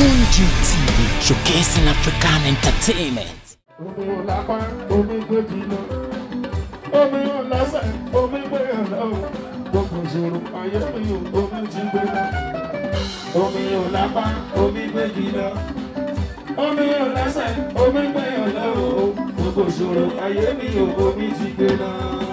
Munji TV, showcasing African entertainment. Omi wo omi gbèbí lọ. Gbogbo ìṣòro ayé mi ò, omi ti gbé lọ.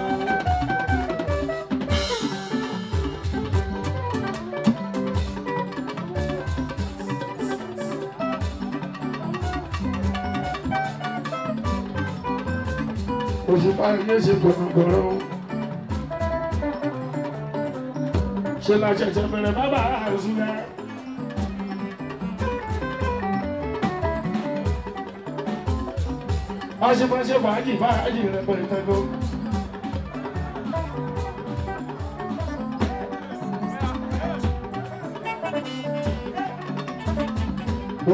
ayé ṣe gbọ̀nàgbọ̀rọ̀ o. ṣe la ṣẹ̀ṣẹ̀ bẹ̀rẹ̀ bàbá àzúlẹ̀. báṣepáṣe fàájì fàájì rẹ̀ pẹ̀lú tẹ́gbọ́.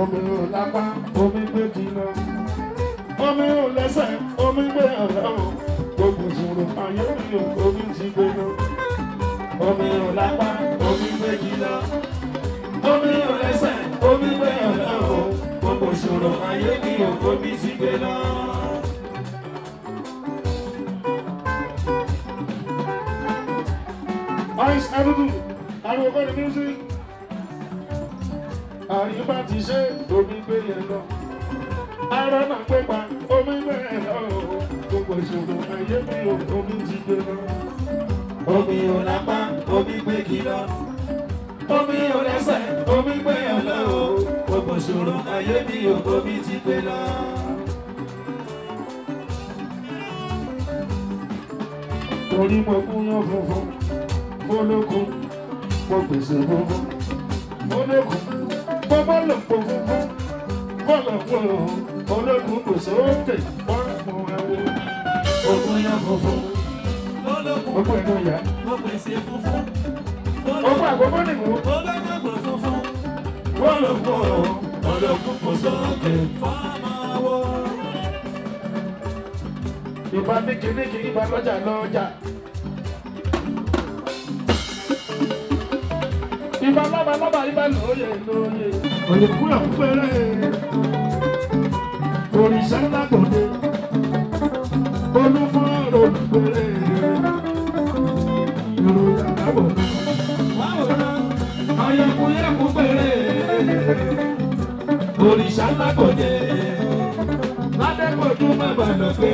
omi ò lápá omi gbé kìlọ̀ omi ò lẹ́sẹ̀ omi gbé ọ̀rọ̀ ogun ìṣòro ayé mi ò omi ti gbóná omi ò lápá omi gbé jìnnà omi ò lẹ́sẹ̀ omi gbé ọ̀nà o gbogbo ìṣòro ayé mi ò omi ti gbóná. Ice Adudu, ariwo bá ní music. Àríyá ti ṣe omi gbé yẹn lọ. Ara náà pé pa omi gbé yẹn lọ. Gbogbo ìṣòro débi omi ti gbé lọ. Omi ò lápá, omi gbé kí lọ. Omi ò lẹ́sẹ̀, omi gbé yàn lọ o. Gbogbo ṣòro ayé mi ò omi ti gbé lọ. Orí mo kú yán funfun, mo lókun, mo pèsè funfun, mo lókun, mo bọ́ lòpọ̀ funfun, bọ́ lòpọ̀ olókun kò sókè, bọ́. Ògùn yan funfun. Olókùn pẹ̀lú ìyá. Mo pèsè funfun. Ògùn àkókò nìkú. Olókùn funfun. Olókùn olókùn kò sókè fámáwó. Ìbá níkìníkì ìbá lọ́jà lọ́jà. Ìbá lọ́ba lọ́ba ìbá lóye lóye. Òyìnbó yà ń pẹ́rẹ́. Òrìṣà ńlá kò dé olúfọ́ olùgbèrè ìròyìn àtàbọ̀ wàwòrán ayẹkùnyẹkùn gbèrè òrìṣà ńlá kò jẹ ládẹ́kọ̀ọ́dún mẹ́bàá lọ́gbẹ́.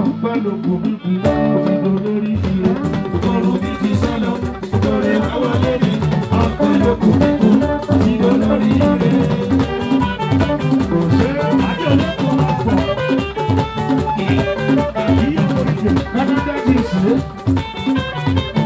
ọ̀pá lòkù bíbí òfìdó lórí ire òkòrò bíbí sọ́lọ́ òkòrè àwọlé ni ọ̀pá lòkù bíbí òfìdó lórí ire. Thank you.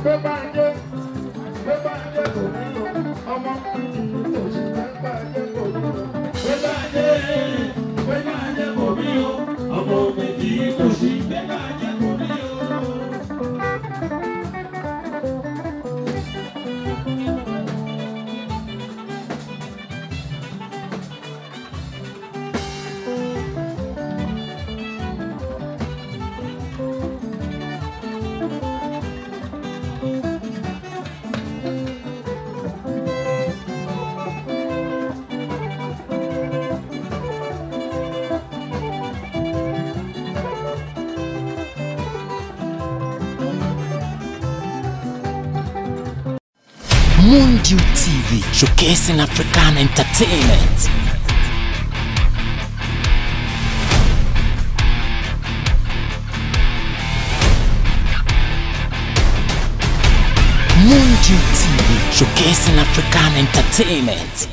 gbé bá ń dé gbé bá ń dé kò ní ọmọ. Moondew TV, showcasing African entertainment. Moondew TV, showcasing African entertainment.